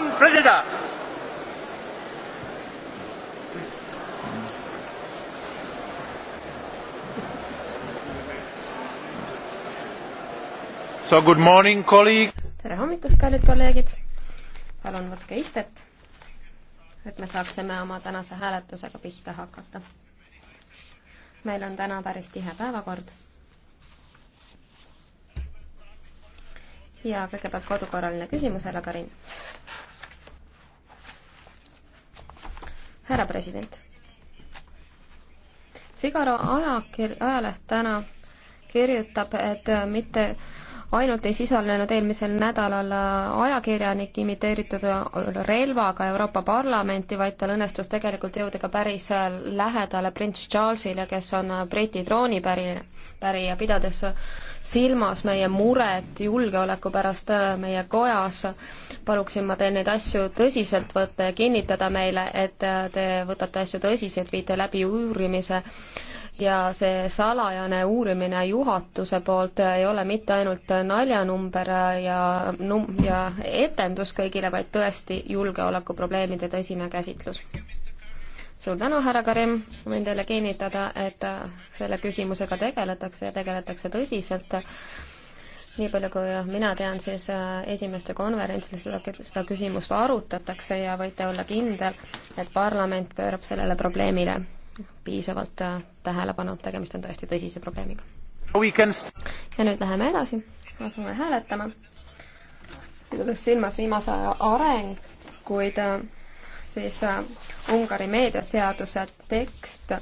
Pan prezydent. So good morning, colleague. tere hommikust, kallid kolleegid. palun võtke istet, et me saaksime oma tänase hääletusega pihta hakata. meil on täna päris tihe päevakord ja kõigepealt kodukorraline küsimus, härra Karin. härra president. Figaro ajakir-, ajaleht täna kirjutab, et mitte ainult ei sisalnenud eelmisel nädalal äh, ajakirjanik imiteeritud äh, relvaga Euroopa Parlamenti, vaid tal õnnestus tegelikult jõuda ka päris äh, lähedale prints Charlesile, kes on Briti trooni pärine, pärija, pidades silmas meie muret julgeoleku pärast meie kojas, paluksin ma teil neid asju tõsiselt võtta ja kinnitada meile, et te võtate asju tõsiselt, viite läbi uurimise ja see salajane uurimine juhatuse poolt ei ole mitte ainult naljanumber ja num-, ja etendus kõigile, vaid tõesti julgeolekuprobleemide tõsine käsitlus. suur tänu, härra Karim, võin teile kinnitada, et selle küsimusega tegeletakse ja tegeletakse tõsiselt nii palju kui mina tean, siis esimeste konverentsil seda, seda küsimust arutatakse ja võite olla kindel, et parlament pöörab sellele probleemile piisavalt äh, tähelepanu, tegemist on tõesti tõsise probleemiga. ja nüüd läheme edasi, asume hääletama. pidades silmas viimase aja arenguid, äh, siis äh, Ungari meediaseaduse tekst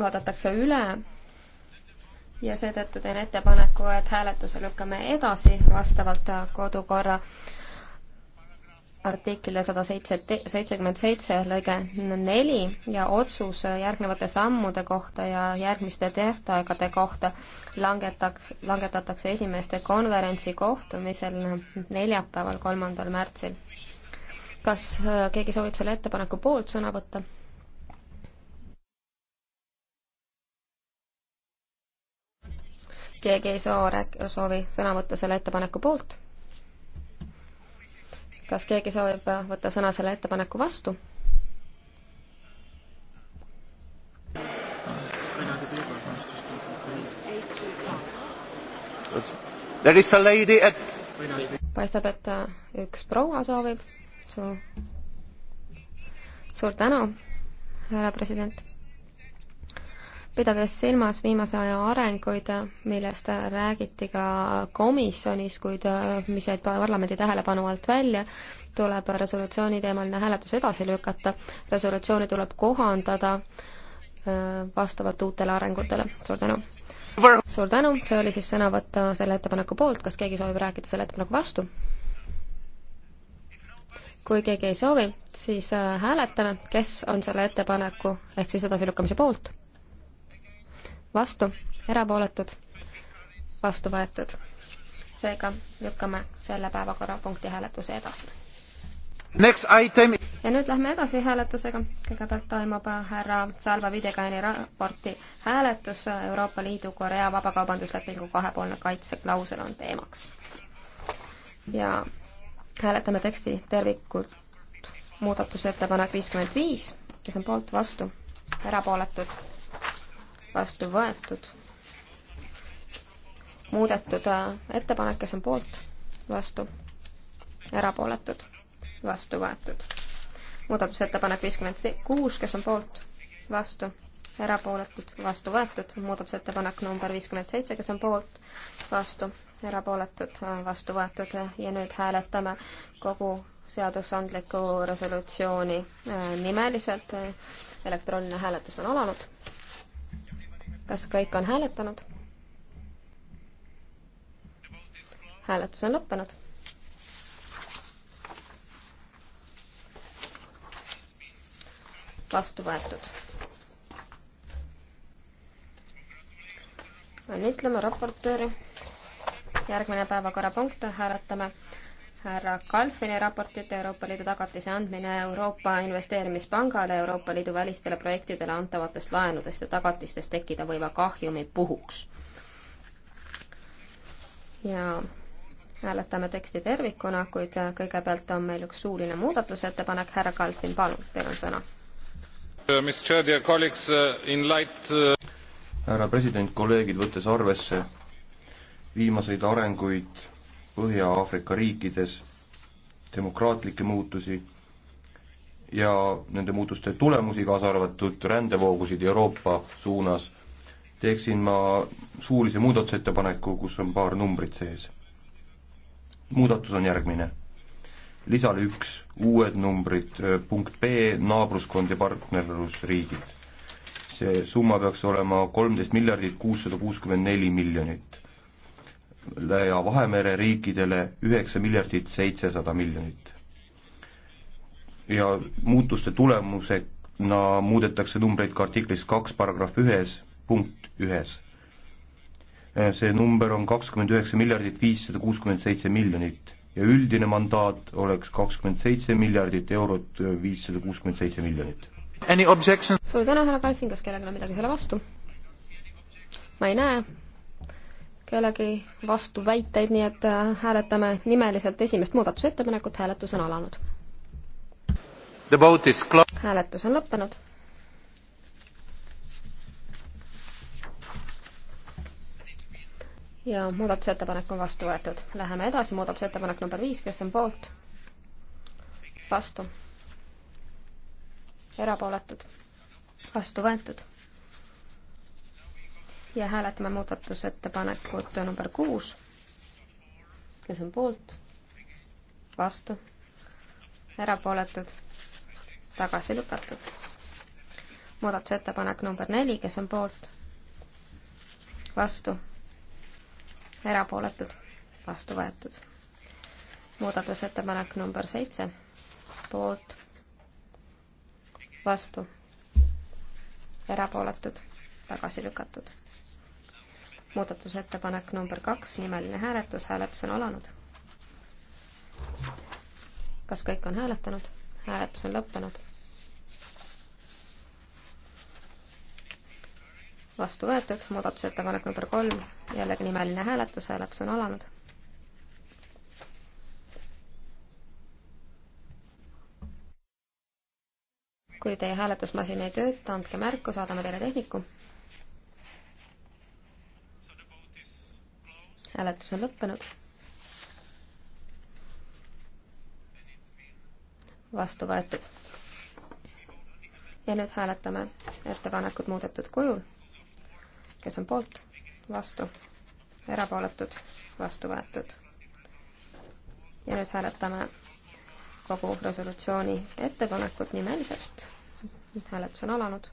vaadatakse üle ja seetõttu teen ettepaneku, et hääletuse lükkame edasi vastavalt kodukorra artikli sada seitse, seitsekümmend seitse lõige neli ja otsus järgnevate sammude kohta ja järgmiste tähtaegade kohta langetaks, langetatakse esimeste konverentsi kohtumisel neljapäeval, kolmandal märtsil. kas äh, keegi soovib selle ettepaneku poolt sõna võtta? keegi ei soo-, soovi sõna võtta selle ettepaneku poolt kas keegi soovib võtta sõna selle ettepaneku vastu? At... paistab, et äh, üks proua soovib su. suur tänu, härra president pidades silmas viimase aja arenguid, millest räägiti ka komisjonis, kuid äh, mis jäid parlamendi tähelepanu alt välja, tuleb resolutsiooni teemaline hääletus edasi lükata. resolutsiooni tuleb kohandada äh, vastavalt uutele arengutele. suur tänu! suur tänu, see oli siis sõnavõtt äh, selle ettepaneku poolt, kas keegi soovib rääkida selle ettepaneku vastu? kui keegi ei soovi, siis hääletame, kes on selle ettepaneku ehk siis edasilükkamise poolt vastu, erapooletud, vastu võetud. seega lükkame selle päevakorrapunkti hääletuse edasi. ja nüüd lähme edasi hääletusega. kõigepealt toimub härra Salva Videgani raporti hääletus Euroopa Liidu Korea vabakaubanduslepingu kahepoolne kaitseklausel on teemaks. ja hääletame teksti tervikult muudatusettepanek viiskümmend viis, kes on poolt, vastu, erapooletud vastu võetud. muudetud äh, ettepanek, kes on poolt, vastu, erapooletud, vastu võetud. muudatusettepanek viiskümmend kuus, kes on poolt, vastu, erapooletud, vastu võetud. muudatusettepanek number viiskümmend seitse, kes on poolt, vastu, erapooletud, äh, vastu võetud ja nüüd hääletame kogu seadusandliku resolutsiooni äh, nimeliselt. elektrooniline hääletus on alanud kas kõik on hääletanud? hääletus on lõppenud. vastu võetud. õnnitleme raportööri. järgmine päevakorrapunkt hääletame härra Kalfini raportit Euroopa Liidu tagatise andmine Euroopa Investeerimispangale Euroopa Liidu välistele projektidele antavatest laenudest ja tagatistest tekkida võiva kahjumi puhuks. ja hääletame teksti tervikuna, kuid kõigepealt on meil üks suuline muudatusettepanek, härra Kalfin, palun, teil on sõna. Uh, uh, uh, härra president, kolleegid, võttes arvesse viimaseid arenguid Põhja-Aafrika riikides demokraatlikke muutusi ja nende muutuste tulemusi, kaasa arvatud rändevoogusid Euroopa suunas, teeksin ma suulise muudatusettepaneku, kus on paar numbrit sees. muudatus on järgmine. lisale üks, uued numbrid, äh, punkt B, naabruskond ja partnerlusriigid. see summa peaks olema kolmteist miljardit kuussada kuuskümmend neli miljonit ja Vahemere riikidele üheksa miljardit seitsesada miljonit. ja muutuste tulemusena muudetakse numbreid ka artiklis kaks paragrahv ühes punkt ühes. see number on kakskümmend üheksa miljardit viissada kuuskümmend seitse miljonit ja üldine mandaat oleks kakskümmend seitse miljardit eurot, viissada kuuskümmend seitse miljonit. suur tänu, härra Kalfin, kas kellelgi on midagi selle vastu? ma ei näe, kellegi vastuväiteid, nii et äh, hääletame nimeliselt esimest muudatusettepanekut, hääletus on alanud. hääletus on lõppenud. ja muudatusettepanek on vastu võetud. Läheme edasi, muudatusettepanek number viis, kes on poolt? vastu. erapooletud. vastu võetud ja hääletame muudatusettepanekut number kuus. kes on poolt? vastu? erapooletud? tagasi lükatud. muudatusettepanek number neli, kes on poolt? vastu? erapooletud? vastu võetud. muudatusettepanek number seitse, poolt? vastu? erapooletud? tagasi lükatud muudatusettepanek number kaks, nimeline hääletus, hääletus on alanud. kas kõik on hääletanud? hääletus on lõppenud. vastu võetuks muudatusettepanek number kolm, jällegi nimeline hääletus, hääletus on alanud. kui teie hääletusmasin ei tööta, andke märku, saadame teile tehniku. hääletus on lõppenud. vastu võetud. ja nüüd hääletame ettepanekut muudetud kujul. kes on poolt, vastu, erapooletud, vastu võetud. ja nüüd hääletame kogu resolutsiooni ettepanekut nimeliselt. hääletus on alanud.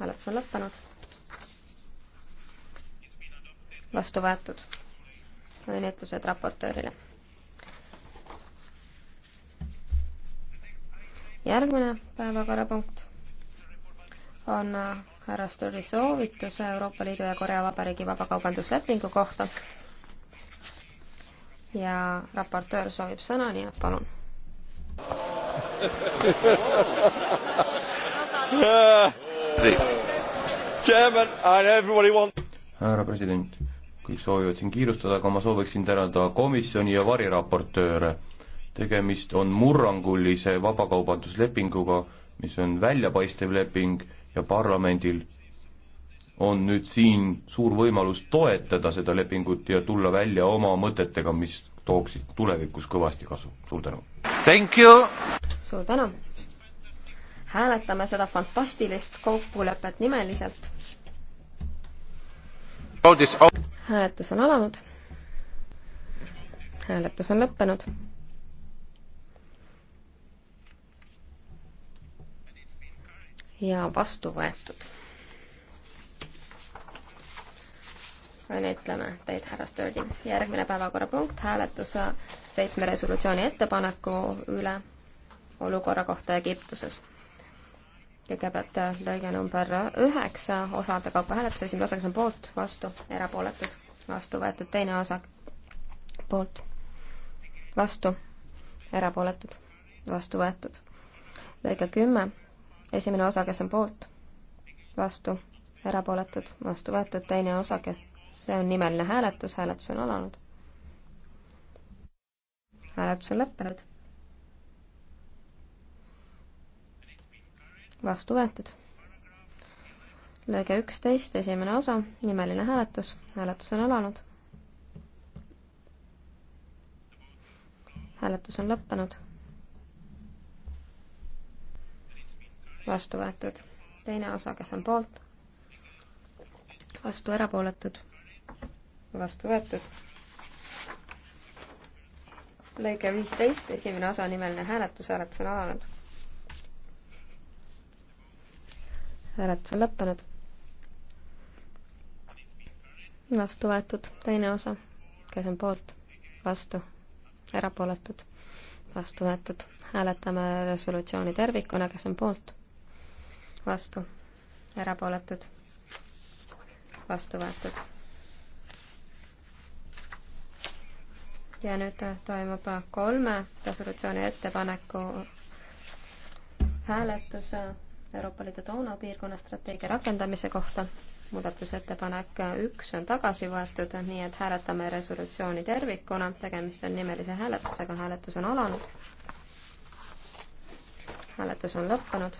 hääletus on lõppenud vastu võetud. õnnitlused raportöörile. järgmine päevakorrapunkt on äh, härra Sturri soovitus Euroopa Liidu ja Korea Vabariigi vabakaubanduslepingu kohta. ja raportöör soovib sõna, nii et palun härra president kõik soovivad siin kiirustada, aga ma sooviksin tänada komisjoni ja variraportööre. tegemist on murrangulise vabakaubanduslepinguga, mis on väljapaistev leping ja parlamendil on nüüd siin suur võimalus toetada seda lepingut ja tulla välja oma mõtetega, mis tooksid tulevikus kõvasti kasu. suur tänu! suur tänu! hääletame seda fantastilist kokkulepet nimeliselt hääletus on alanud. hääletus on lõppenud. ja vastu võetud. õnnitleme teid, härra Sturdi. järgmine päevakorrapunkt, hääletus seitsme resolutsiooni ettepaneku üle olukorra kohta Egiptuses kõigepealt äh, lõige number üheksa, osade kaupa hääletus, esimene osa, kes on poolt, vastu, erapooletud, vastu võetud, teine osa poolt, vastu, erapooletud, vastu võetud. lõige kümme, esimene osa, kes on poolt, vastu, erapooletud, vastu võetud, teine osa, kes, see on nimeline hääletus, hääletus on alanud. hääletus on lõppenud vastu võetud. lõige üksteist, esimene osa, nimeline hääletus, hääletus on alanud. hääletus on lõppenud. vastu võetud. teine osa, kes on poolt? vastu erapooletud. vastu võetud. lõige viisteist, esimene osa, nimeline hääletus, hääletus on alanud hääletus on lõppenud. vastu võetud teine osa, kes on poolt, vastu, erapooletud, vastu võetud. hääletame resolutsiooni tervikuna, kes on poolt, vastu, erapooletud, vastu võetud ja nüüd toimub kolme resolutsiooni ettepaneku hääletus Euroopa Liidu toona piirkonna strateegia rakendamise kohta. muudatusettepanek üks on tagasi võetud, nii et hääletame resolutsiooni tervikuna, tegemist on nimelise hääletusega, hääletus on alanud. hääletus on lõppenud.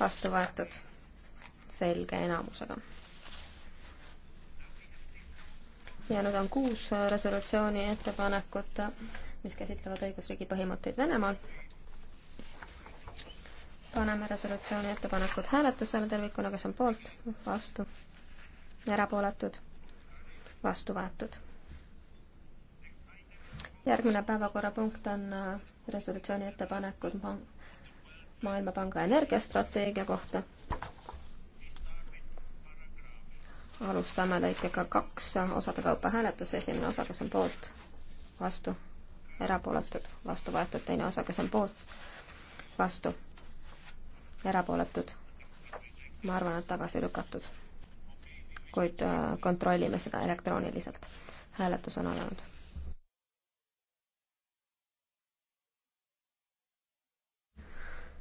vastu võetud selge enamusega ja nüüd on kuus resolutsiooni ettepanekut mis käsitlevad õigusriigi põhimõtteid Venemaal. paneme resolutsiooni ettepanekud hääletusele tervikuna, kes on poolt, vastu, erapooletud, vastu võetud. järgmine päevakorrapunkt on äh, resolutsiooni ettepanekud Maailmapanga energiastrateegia kohta alustame lõikega kaks osade kaupa hääletus, esimene osa, kes on poolt, vastu, erapooletud, vastu võetud, teine osa, kes on poolt, vastu, erapooletud. ma arvan, et tagasi lükatud. kuid äh, kontrollime seda elektrooniliselt. hääletus on alanud.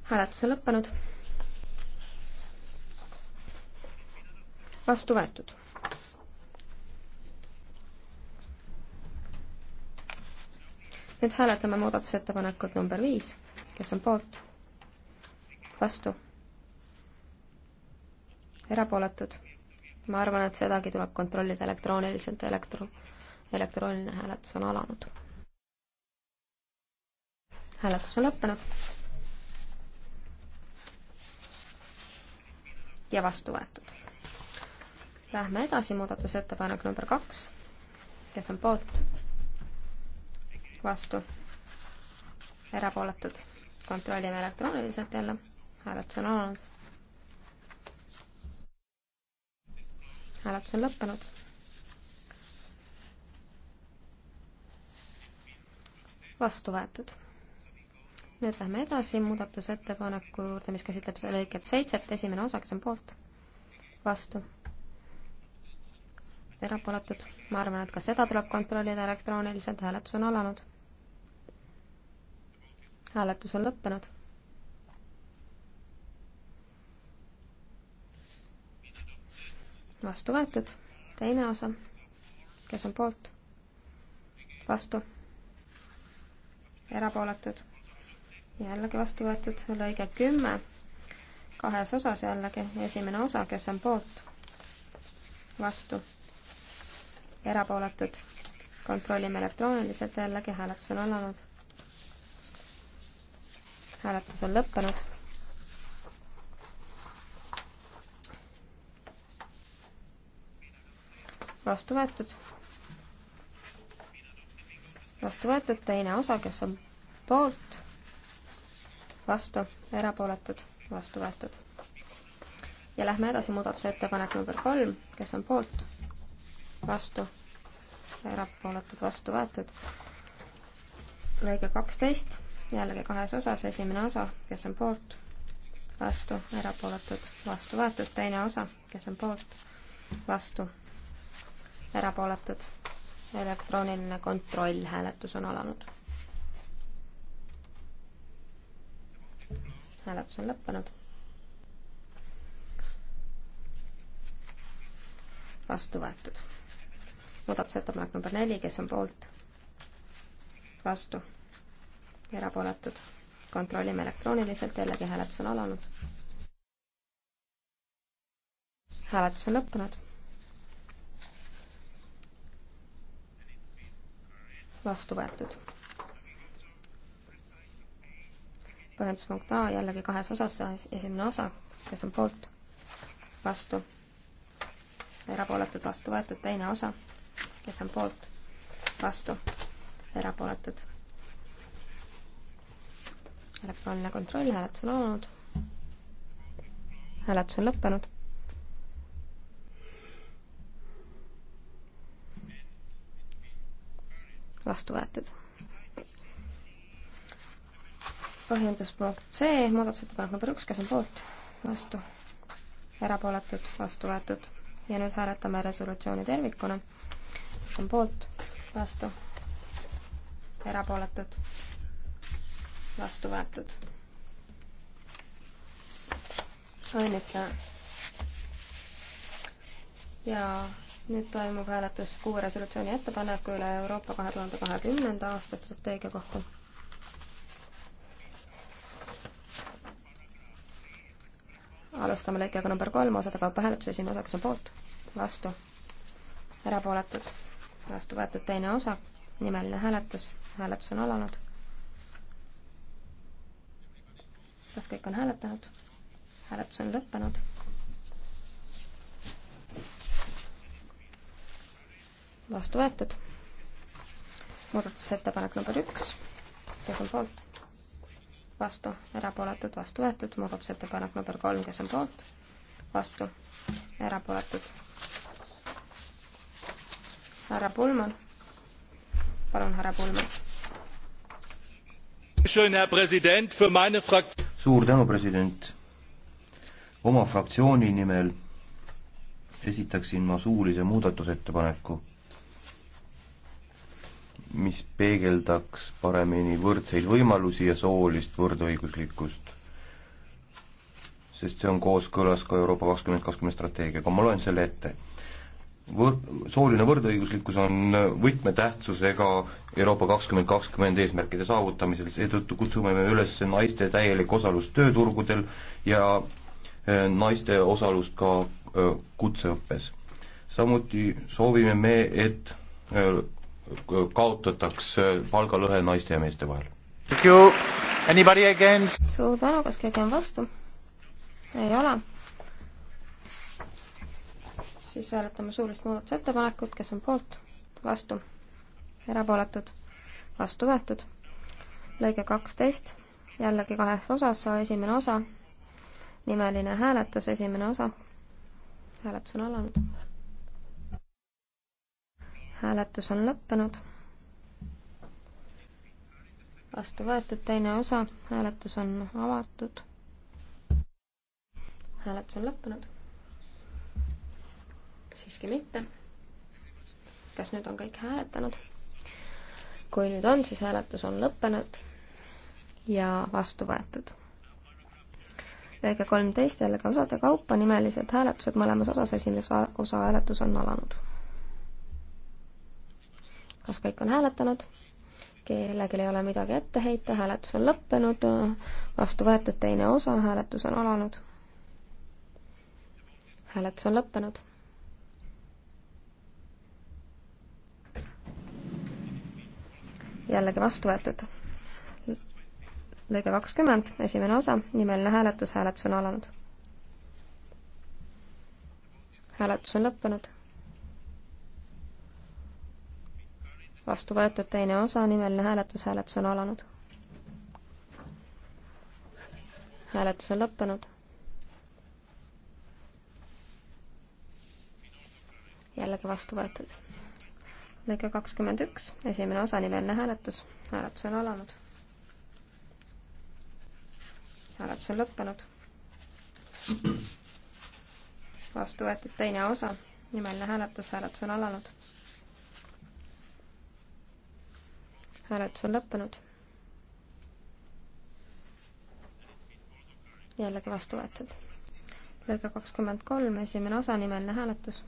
hääletus on lõppenud. vastu võetud nüüd hääletame muudatusettepanekut number viis, kes on poolt, vastu, erapooletud. ma arvan, et sedagi tuleb kontrollida elektrooniliselt, elektro, elektrooniline hääletus on alanud. hääletus on lõppenud. ja vastu võetud. Lähme edasi, muudatusettepanek number kaks, kes on poolt vastu, erapooletud. kontrollime elektrooniliselt jälle, hääletus on alanud. hääletus on lõppenud. vastu võetud. nüüd lähme edasi muudatusettepaneku juurde, mis käsitleb seda lõiket seitset, esimene osa, kes on poolt, vastu erapooletud. ma arvan, et ka seda tuleb kontrollida elektrooniliselt, hääletus on alanud. hääletus on lõppenud. vastu võetud, teine osa, kes on poolt, vastu, erapooletud, jällegi vastu võetud, lõige kümme, kahes osas jällegi, esimene osa, kes on poolt, vastu erapooletud. kontrollime elektrooniliselt, jällegi hääletus on alanud. hääletus on lõppenud. vastu võetud. vastu võetud, teine osa, kes on poolt, vastu, erapooletud, vastu võetud ja lähme edasi muudatusettepanek number kolm, kes on poolt, vastu, erapooletud vastu võetud. lõige kaksteist, jällegi kahes osas, esimene osa, kes on poolt, vastu, erapooletud, vastu võetud, teine osa, kes on poolt, vastu, erapooletud. elektrooniline kontroll, hääletus on alanud. hääletus on lõppenud. vastu võetud muudatusettepanek number neli, kes on poolt, vastu, erapooletud. kontrollime elektrooniliselt, jällegi hääletus on alanud. hääletus on lõppenud. vastu võetud. põhjenduspunkt A jällegi kahes osas, esimene osa, kes on poolt, vastu, erapooletud, vastu võetud, teine osa kes on poolt, vastu, erapooletud. elektrooniline kontroll, hääletus on olnud. hääletus on lõppenud. vastu võetud põhjenduspunkt C, muudatusettepanek number üks, kes on poolt, vastu, erapooletud, vastu võetud ja nüüd hääletame resolutsiooni tervikuna on poolt, vastu, erapooletud, vastu võetud. õnnitlen. ja nüüd toimub hääletus kuue resolutsiooni ettepaneku üle Euroopa kahe tuhande kahekümnenda aasta strateegia kohta. alustame lõikega number kolm, osade kaupa hääletus, esimene osakas on poolt, vastu, erapooletud vastu võetud teine osa, nimeline hääletus, hääletus on alanud. kas kõik on hääletanud? hääletus on lõppenud. vastu võetud. muudatusettepanek number üks, kes on poolt? vastu, erapooletud, vastu võetud, muudatusettepanek number kolm, kes on poolt? vastu, erapooletud härra Pulman. palun, härra Pulman. suur tänu, president. oma fraktsiooni nimel esitaksin ma suulise muudatusettepaneku, mis peegeldaks paremini võrdseid võimalusi ja soolist võrdõiguslikkust. sest see on kooskõlas ka Euroopa kakskümmend kakskümmend strateegiaga, ma loen selle ette võr-, sooline võrdõiguslikkus on võtmetähtsusega Euroopa kakskümmend kakskümmend eesmärkide saavutamisel, seetõttu kutsume me üles naiste täielik osalus tööturgudel ja eh, naiste osalust ka eh, kutseõppes. samuti soovime me, et eh, kaotataks palgalõhe naiste ja meeste vahel. suur tänu, kas keegi on vastu? ei ole siis hääletame suulist muudatusettepanekut, kes on poolt, vastu, erapooletud, vastu võetud. lõige kaksteist, jällegi kahes osas, esimene osa, nimeline hääletus, esimene osa. hääletus on alanud. hääletus on lõppenud. vastu võetud teine osa, hääletus on avatud. hääletus on lõppenud siiski mitte. kas nüüd on kõik hääletanud? kui nüüd on, siis hääletus on lõppenud ja vastu võetud. lõige kolmteist jällegi osade kaupa nimelised hääletused mõlemas osas, esimese osa hääletus on alanud. kas kõik on hääletanud? kellelgi ei ole midagi ette heita, hääletus on lõppenud, vastu võetud teine osa, hääletus on alanud. hääletus on lõppenud. jällegi vastu võetud. lõige kakskümmend, esimene osa, nimeline hääletus, hääletus on alanud. hääletus on lõppenud. vastu võetud teine osa, nimeline hääletus, hääletus on alanud. hääletus on lõppenud jällegi vastu võetud lõige kakskümmend üks, esimene osa, nimeline hääletus, hääletus on alanud. hääletus on lõppenud. vastu võetud teine osa, nimeline hääletus, hääletus on alanud. hääletus on lõppenud. jällegi vastu võetud. lõige kakskümmend kolm, esimene osa, nimeline hääletus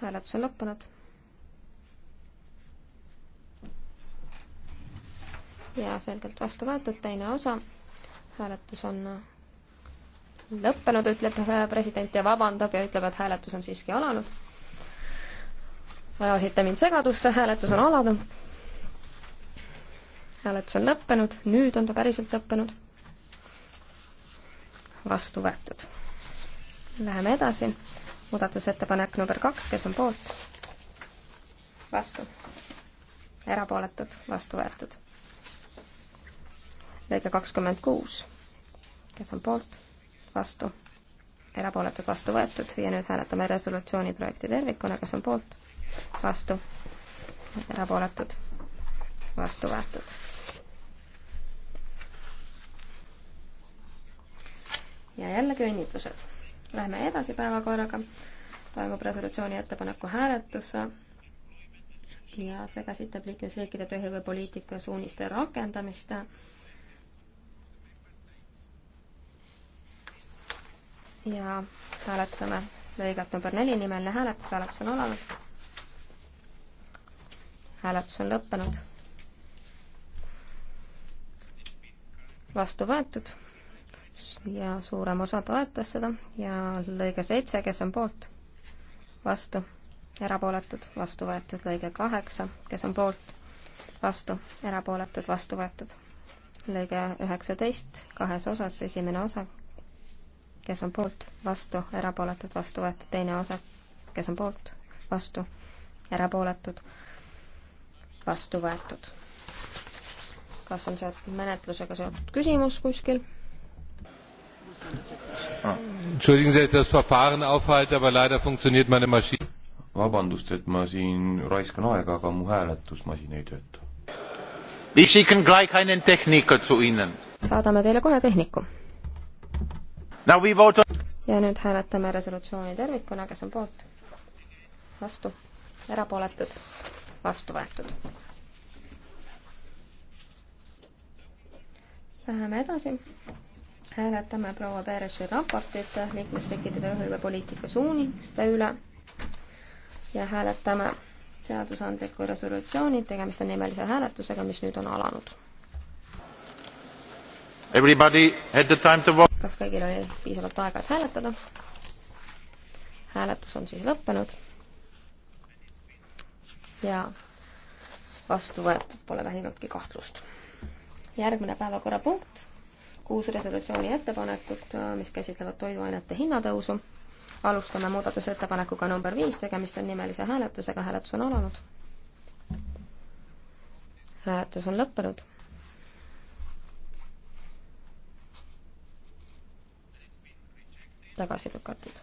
hääletus on lõppenud. ja selgelt vastu võetud teine osa. hääletus on lõppenud, ütleb president ja vabandab ja ütleb, et hääletus on siiski alanud. ajasite mind segadusse, hääletus on alanud. hääletus on lõppenud, nüüd on ta päriselt lõppenud. vastu võetud. Läheme edasi muudatusettepanek number kaks, kes on poolt? vastu. erapooletud, vastu võetud. lõige kakskümmend kuus, kes on poolt? vastu. erapooletud, vastu võetud ja nüüd hääletame resolutsiooni projekti tervikuna, kes on poolt? vastu. erapooletud, vastu võetud. ja jällegi õnnitlused Läheme edasi päevakorraga. toimub resolutsiooni ettepaneku hääletus ja see käsitleb liikmesriikide tööhõivepoliitika suuniste rakendamist. ja hääletame lõigat number neli, nimeline hääletus, hääletus on alanud. hääletus on lõppenud. vastu võetud ja suurem osa toetas seda ja lõige seitse, kes on poolt, vastu, erapooletud, vastu võetud, lõige kaheksa, kes on poolt, vastu, erapooletud, vastu võetud. lõige üheksateist, kahes osas, esimene osa, kes on poolt, vastu, erapooletud, vastu võetud, teine osa, kes on poolt, vastu, erapooletud, vastu võetud. kas on sealt menetlusega seotud küsimus kuskil? Ah. Entschuldigen Sie, dass Verfahren aufhalte, aber leider funktioniert meine Maschine. vabandust, et ma siin raiskan aega, aga mu hääletusmasin ei tööta. Ich schicken gleich einen Techniker zu Ihnen. saadame teile kohe tehniku. Now we vote on... ja nüüd hääletame resolutsiooni tervikuna, kes on poolt? vastu? erapooletud? vastu võetud? Läheme edasi hääletame proua Peeresi raportit liikmesriikide tööhõivepoliitika suuniste üle ja hääletame seadusandliku resolutsiooni, tegemist on nimelise hääletusega, mis nüüd on alanud. kas kõigil oli piisavalt aega, et hääletada? hääletus on siis lõppenud ja vastu võetud, pole vähimatki kahtlust. järgmine päevakorrapunkt kuus resolutsiooni ettepanekut, äh, mis käsitlevad toiduainete hinnatõusu. alustame muudatusettepanekuga number viis, tegemist on nimelise hääletusega, hääletus on alanud. hääletus on lõppenud. tagasi lükatud.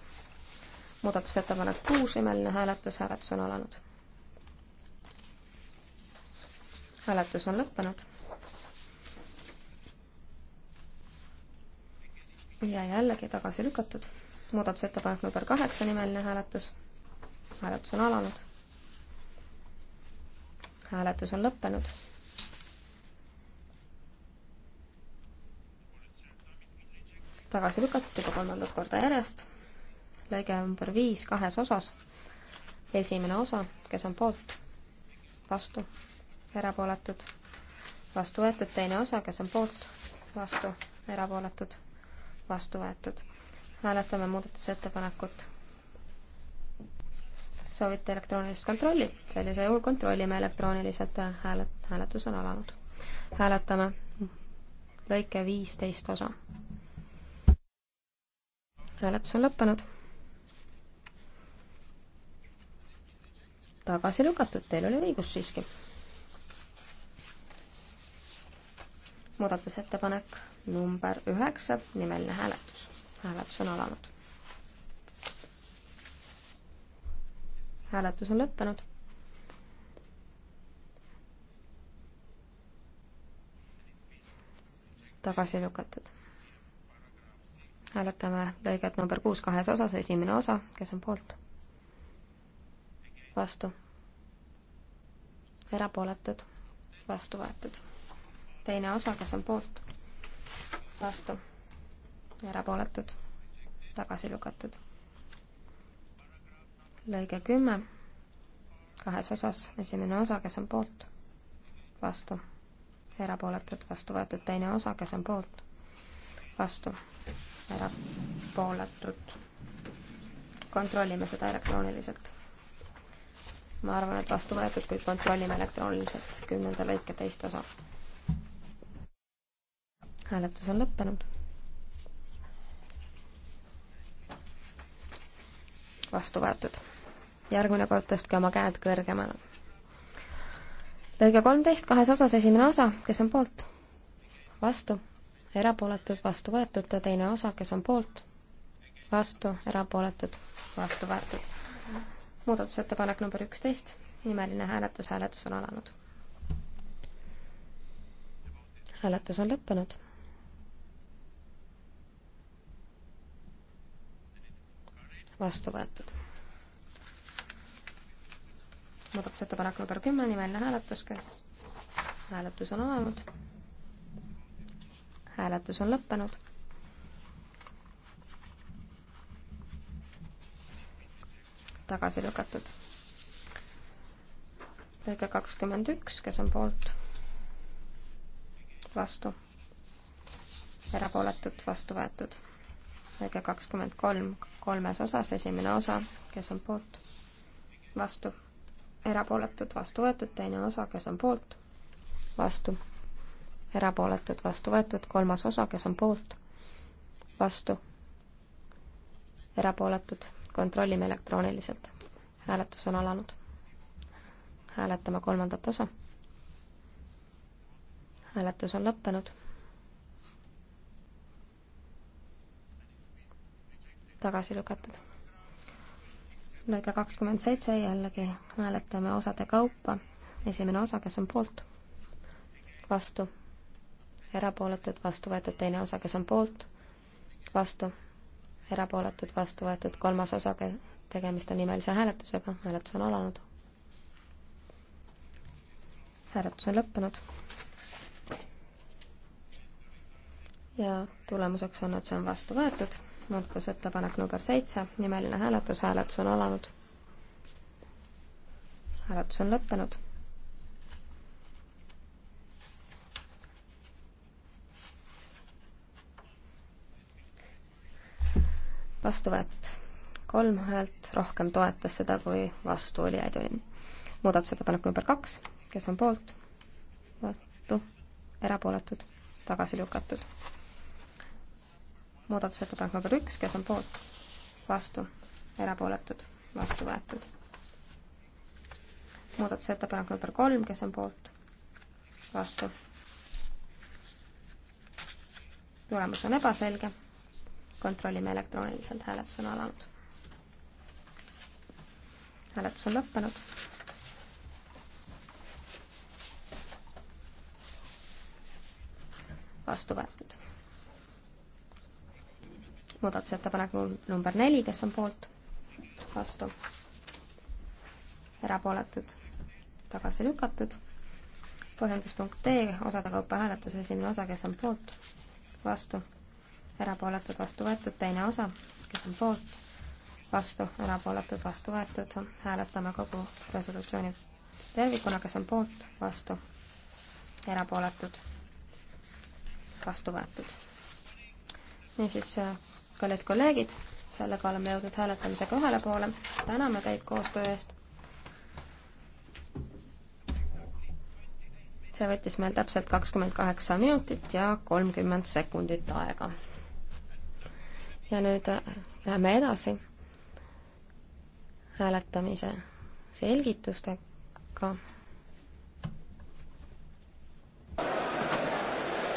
muudatusettepanek kuus, nimeline hääletus, hääletus on alanud. hääletus on lõppenud ja jällegi tagasi lükatud. muudatusettepanek number kaheksa nimeline hääletus. hääletus on alanud. hääletus on lõppenud. tagasi lükatud juba kolmandat korda järjest. lõige number viis kahes osas. esimene osa, kes on poolt, vastu, erapooletud, vastu võetud, teine osa, kes on poolt, vastu, erapooletud vastu võetud. hääletame muudatusettepanekut. soovite elektroonilist kontrolli? sellisel juhul kontrollime elektrooniliselt, häälet-, hääletus on alanud. hääletame lõike viisteist osa. hääletus on lõppenud. tagasi lükatud, teil oli õigus siiski. muudatusettepanek number üheksa, nimeline hääletus. hääletus on alanud. hääletus on lõppenud. tagasi lükatud. hääletame lõiget number kuus kahes osas, esimene osa, kes on poolt? vastu. erapooletud, vastu võetud. teine osa, kes on poolt? vastu, erapooletud, tagasi lükatud. lõige kümme, kahes osas, esimene osa, kes on poolt, vastu, erapooletud, vastu võetud, teine osa, kes on poolt, vastu, erapooletud. kontrollime seda elektrooniliselt ma arvan, et vastu võetud, kuid kontrollime elektrooniliselt kümnenda lõike teist osa hääletus on lõppenud. vastu võetud. järgmine kord tõstke oma käed kõrgemale. lõige kolmteist kahes osas, esimene osa, kes on poolt? vastu, erapooletud, vastu võetud, teine osa, kes on poolt? vastu, erapooletud, vastu võetud. muudatusettepanek number üksteist, nimeline hääletus, hääletus on alanud. hääletus on lõppenud vastu võetud. muudatusettepanek number kümme, nimeline hääletus, kes hääletus on alanud. hääletus on lõppenud. tagasi lükatud. lõige kakskümmend üks, kes on poolt, vastu, erapooletud, vastu võetud. lõige kakskümmend kolm kolmes osas, esimene osa, kes on poolt, vastu, erapooletud, vastu võetud, teine osa, kes on poolt, vastu, erapooletud, vastu võetud, kolmas osa, kes on poolt, vastu, erapooletud, kontrollime elektrooniliselt. hääletus on alanud. hääletame kolmandat osa. hääletus on lõppenud tagasi lükatud. lõige kakskümmend seitse, jällegi hääletame osade kaupa. esimene osa, kes on poolt? vastu. erapooletud, vastu võetud, teine osa, kes on poolt? vastu. erapooletud, vastu võetud, kolmas osa, tegemist on nimelise hääletusega, hääletus on alanud. hääletus on lõppenud. ja tulemuseks on, et see on vastu võetud muudatusettepanek number seitse, nimeline hääletus, hääletus on alanud. hääletus on lõppenud. vastu võetud. kolm häält rohkem toetas seda, kui vastu oli ja tuli. muudatusettepanek number kaks, kes on poolt, vastu, erapooletud, tagasi lükatud muudatusettepanek number üks, kes on poolt, vastu, erapooletud, vastu võetud. muudatusettepanek number kolm, kes on poolt, vastu. tulemus on ebaselge. kontrollime elektrooniliselt, hääletus on alanud. hääletus on lõppenud. vastu võetud muudatusettepaneku number neli, kes on poolt, vastu, erapooletud, tagasi lükatud. põhjenduspunkt D, osade kaupa hääletus, esimene osa, kes on poolt, vastu, erapooletud, vastu võetud, teine osa, kes on poolt, vastu, erapooletud, vastu võetud. hääletame kogu resolutsiooni tervikuna, kes on poolt, vastu, erapooletud, vastu võetud. niisiis kallid kolleegid, sellega oleme jõudnud hääletamisega ühele poole. täname teid koostöö eest. see võttis meil täpselt kakskümmend kaheksa minutit ja kolmkümmend sekundit aega. ja nüüd äh, läheme edasi hääletamise selgitustega.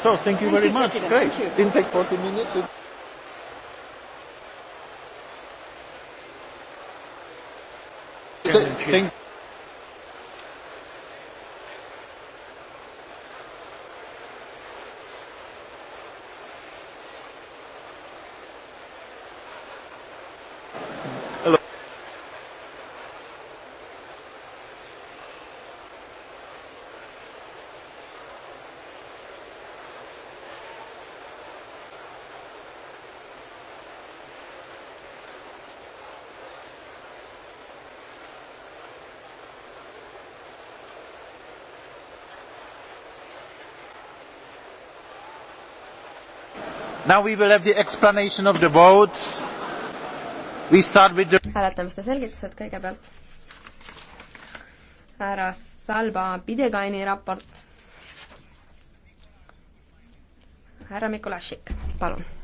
So thank you thank very you, much. President. Great. Didn't take 40 minutes. Thank, thank Now we will have the explanation of the votes. We start with the hääletamiste selgitused kõigepealt. härra Salba Pidegaini raport. härra Mikulašik, palun